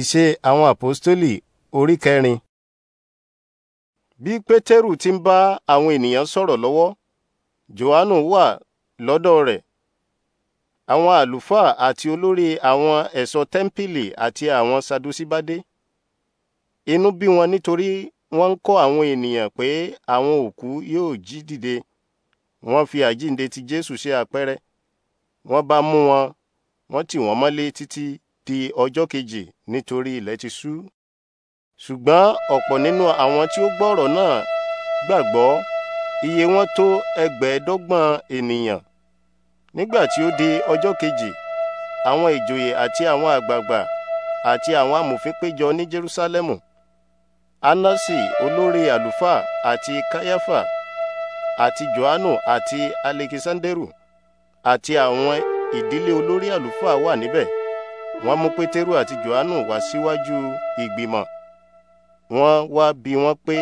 Ìṣe àwọn àpọ́stólì orí kẹrin. Bí Pétérù ti ń bá àwọn ènìyàn sọ̀rọ̀ lọ́wọ́, Jòhánù wà lọ́dọ̀ rẹ̀. Àwọn àlùfáà àti olórí àwọn ẹ̀ṣọ́ tẹ́ḿpìlì àti àwọn Sadusí Inú bí wọn nítorí wọ́n ń kọ́ àwọn ènìyàn pé àwọn òkú yóò jí dìde. Wọ́n fi àjíǹde ti Jésù ṣe àpẹẹrẹ. Wọ́n bá mú wọn, wọ́n tì wọ́n mọ́lé títí di ọjọ́ kejì nítorí ilẹ̀ ti ṣú ṣùgbọ́n ọ̀pọ̀ nínú àwọn tí ó gbọ́ ọ̀rọ̀ náà gbàgbọ́ iye wọn tó ẹgbẹ̀ẹ́dọ́gbọ̀n ènìyàn nígbà tí ó di ọjọ́ kejì àwọn ìjòyè àti àwọn àgbààgbà àti àwọn amòfin péjọ ní Jerúsálẹ́mù Anasi olórí àlùfáà àti Káyáfà àti Jòhánù àti Alekisanderu àti àwọn ìdílé olórí àlùfáà wà níbẹ̀ wọ́n mú pétérù àti johanu wá síwájú ìgbìmọ̀ wọ́n wá bi wọ́n pé.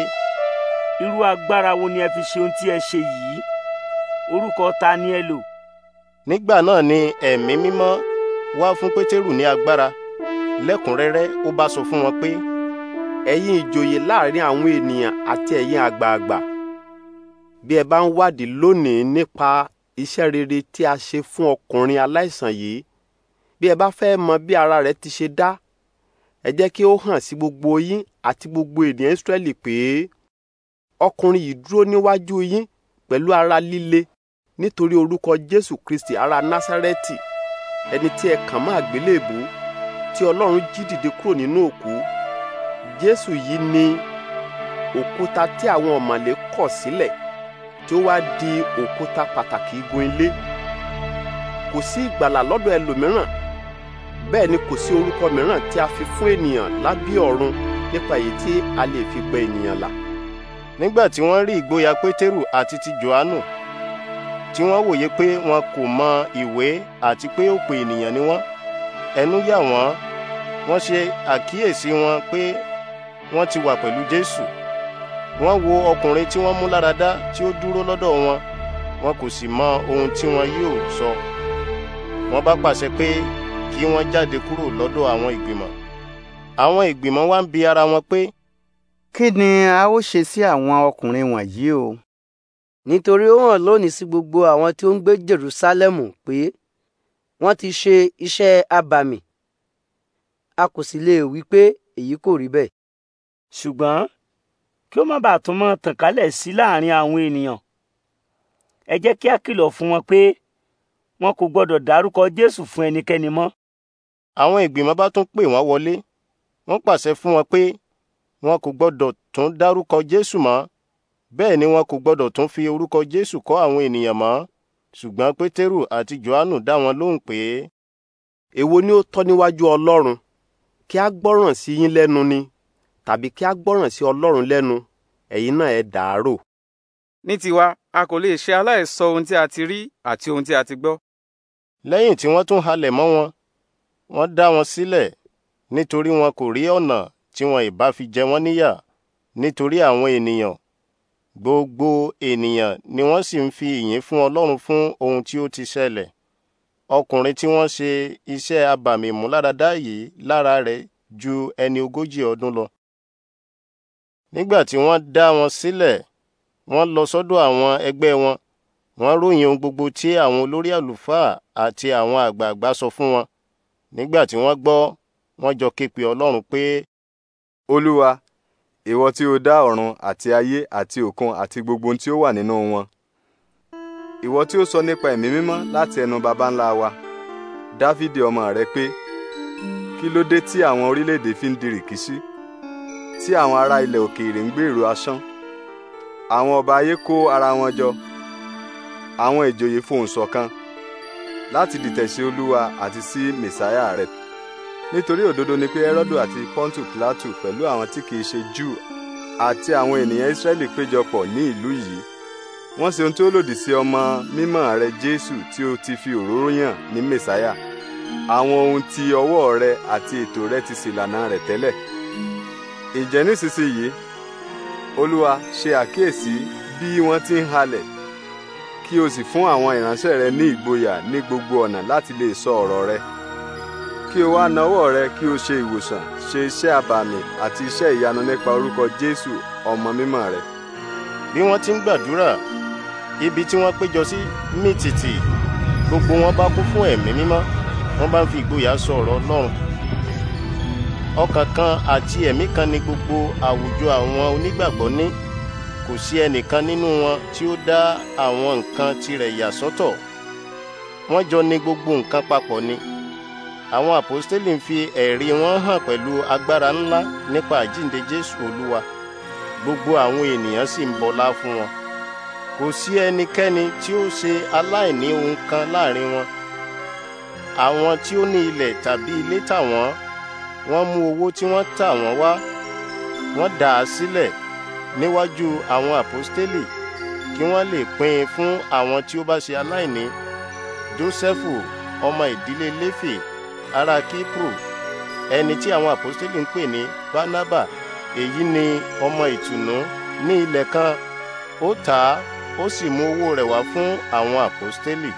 irú agbára wo ni ẹ fi ṣe ohun tí ẹ ṣe yìí orúkọ ta ni ẹ lò. nígbà náà ni ẹ̀mí mímọ́ wá fún pétérù ní agbára lẹ́kùnrẹ́rẹ́ ó bá sọ fún wọn pé. ẹ̀yin ìjòyè láàrin àwọn ènìyàn àti ẹ̀yin àgbààgbà bí ẹ bá ń wádìí lónìí nípa iṣẹ́ rere tí a ṣe fún ọkùnrin aláìsàn yìí bí ẹ bá fẹ́ mọ bí ara rẹ̀ ti ṣe dá ẹ jẹ́ kí ó hàn sí gbogbo yín àti gbogbo ènìyàn Ísírẹ́lì pé ọkùnrin yìí dúró níwájú yín pẹ̀lú ara líle nítorí orúkọ Jésù Kristi ará Násárẹ́tì ẹni tí ẹ kàn mọ́ àgbélébù tí Ọlọ́run jí dìde kúrò nínú òkú Jésù yìí ni òkúta tí àwọn ọ̀mọ̀lé kọ̀ sílẹ̀ tí ó wá di òkúta pàtàkì igun ilé kò sí ìgbàlà lọ́dọ̀ ẹlòmíràn bẹ́ẹ̀ ni kò sí orúkọ mìíràn tí a fi fún ènìyàn lábẹ́ ọ̀run nípa èyí tí a lè fi gbẹ ènìyàn là. nígbà tí wọ́n rí ìgboyà pétérù àti ti johannu tí wọ́n wòye pé wọn kò mọ ìwé àti pé òpè ènìyàn ni wọ́n ẹnu yà wọ́n wọ́n ṣe àkíyèsí wọn pé wọ́n ti wà pẹ̀lú jésù wọ́n wo ọkùnrin tí wọ́n mú láradá tí ó dúró lọ́dọ̀ wọn wọn kò sì mọ ohun tí wọn yóò sọ wọ́n bá pàṣẹ pé kí wọ́n jáde kúrò lọ́dọ̀ àwọn ìgbìmọ̀ àwọn ìgbìmọ̀ wá ń bi ara wọn pé. kí ni a ó ṣe sí àwọn ọkùnrin wọ̀nyí o. nítorí ó hàn lónìí sí gbogbo àwọn tí ó ń gbé Jerúsálẹ́mù pé wọ́n ti ṣe iṣẹ́ abàmì a kò sì lè wí pé èyí kò rí bẹ́ẹ̀. ṣùgbọ́n kí ó má bàa tún mọ́ tàn kálẹ̀ sí láàrin àwọn ènìyàn ẹ jẹ́ kí a kìlọ̀ fún wọn pé wọn kò gbọ́dọ̀ dárúkọ Jésù fún ẹnikẹ́ni mọ́ àwọn ìgbìmọ̀ bá tún pè wọ́n wọlé wọ́n pàṣẹ fún wọn pé wọn kò gbọ́dọ̀ tún dárúkọ Jésù mọ́ bẹ́ẹ̀ ni wọn kò gbọ́dọ̀ tún fi orúkọ Jésù kọ́ àwọn ènìyàn mọ́ ṣùgbọ́n Pétérù àti Jòhánù dá wọn lóhùn pé. èwo ni ó tọ́ níwájú Ọlọ́run kí a gbọ́ràn sí yín lẹ́nu ni tàbí kí a gbọ́ràn sí Ọlọ́run lẹ́nu ẹ̀yin náà ẹ dàá ní tiwa a kò lè ṣe aláìsọ ohun tí a ti rí àti ohun tí a ti gbọ́. lẹ́yìn tí wọ́n tún halẹ̀ mọ́ wọn wọ́n dá wọn sílẹ̀ nítorí wọn kò rí ọ̀nà tí wọn ìbá fi jẹ wọ́n níyà nítorí àwọn ènìyàn gbogbo ènìyàn ni wọ́n sì ń fi ìyìn fún Ọlọ́run fún ohun tí ó ti ṣẹlẹ̀ ọkùnrin tí wọ́n ṣe iṣẹ́ abàmì ìmúláradá yìí lára rẹ̀ ju ẹni ogójì ọdún lọ nígbà tí wọ́n dá wọn sílẹ̀ wọ́n lọ sọ́dọ̀ àwọn ẹgbẹ́ wọn wọ́n ròyìn ohun gbogbo tí àwọn olórí àlùfáà àti àwọn àgbààgbà sọ fún wọn nígbà tí wọ́n gbọ́ wọ́n jọ ké pe ọlọ́run pé. olúwa ìwọ tí o dá ọ̀run àti ayé àti òkun àti gbogbo ohun tí ó wà nínú wọn ìwọ tí ó sọ nípa ẹ̀mí mímọ́ láti ẹnu baba ńlá wa dávidi ọmọ rẹ pé kí ló dé tí àwọn orílẹ̀-èdè fi ń di rìkíṣí tí àwọn ará ilẹ̀ òkèèrè ń gbèrò asán àwọn ọba ayé kó ara wọn jọ àwọn ìjòyè fohùn ṣọ̀kan láti dìtẹ̀ sí olúwa àti sí mẹ̀sáyà rẹ̀ nítorí òdodo ni pé Hẹ́rọ́dù àti Pọ́ńtù Pílátù pẹ̀lú àwọn tí kìí ṣe Júù àti àwọn ènìyàn Ísírẹ́lì péjọpọ̀ ní ìlú yìí wọ́n ṣe ohun tí ó lòdì sí ọmọ mímọ́ rẹ Jésù tí o ti fi òróró yàn ní mẹ̀sáyà àwọn ohun ti ọwọ́ rẹ àti ètò rẹ ti ṣìlànà rẹ̀ tẹ́lẹ̀ ìjẹ́ nísinsìnyí Olúwa ṣe àkíyèsí bí wọ́n ti ń halẹ̀ kí o sì fún àwọn ìránṣẹ́ rẹ ní ìgboyà ní gbogbo ọ̀nà láti lè sọ ọ̀rọ̀ rẹ kí o wá nawọ́ rẹ kí o ṣe ìwòsàn ṣe iṣẹ́ àbàmì àti iṣẹ́ ìyanu nípa orúkọ Jésù ọmọ mímọ́ rẹ. bí wọ́n ti ń gbàdúrà ibi tí wọ́n péjọ sí mì tìtì gbogbo wọn bá kún fún ẹ̀mí mímọ́ wọ́n bá ń fi ìgboyà sọ ọ̀rọ̀ Ọlọ́run ọkàn kan àti ẹ̀mí kan ni gbogbo àwùjọ àwọn onígbàgbọ́ ní kò sí ẹnìkan nínú wọn tí ó dá àwọn nǹkan tirẹ̀ yà sọ́tọ̀ wọ́n jọ ní gbogbo nǹkan papọ̀ ni àwọn àpọ́stélì ń fi ẹ̀rí wọn hàn pẹ̀lú agbára ńlá nípa àjíǹde Jésù Olúwa gbogbo àwọn ènìyàn sì ń bọlá fún wọn kò sí ẹnikẹ́ni tí ó ṣe aláìní ohun kan láàrin wọn àwọn tí ó ní ilẹ̀ tàbí ilé tà wọ́n mú owó tí wọ́n tà wọ́n wá wọ́n dà á sílẹ̀ níwájú àwọn àpọ́stélì kí wọ́n lè pín in fún àwọn tí ó bá ṣe aláìní jósẹ́fù ọmọ ìdílé léfì ará kíprù ẹni tí àwọn àpọ́stélì ń pè ní bánábà èyí ni ọmọ ìtùnú ní ilẹ̀ kan ó tà á ó sì mú owó rẹ̀ wá fún àwọn àpọ́stélì.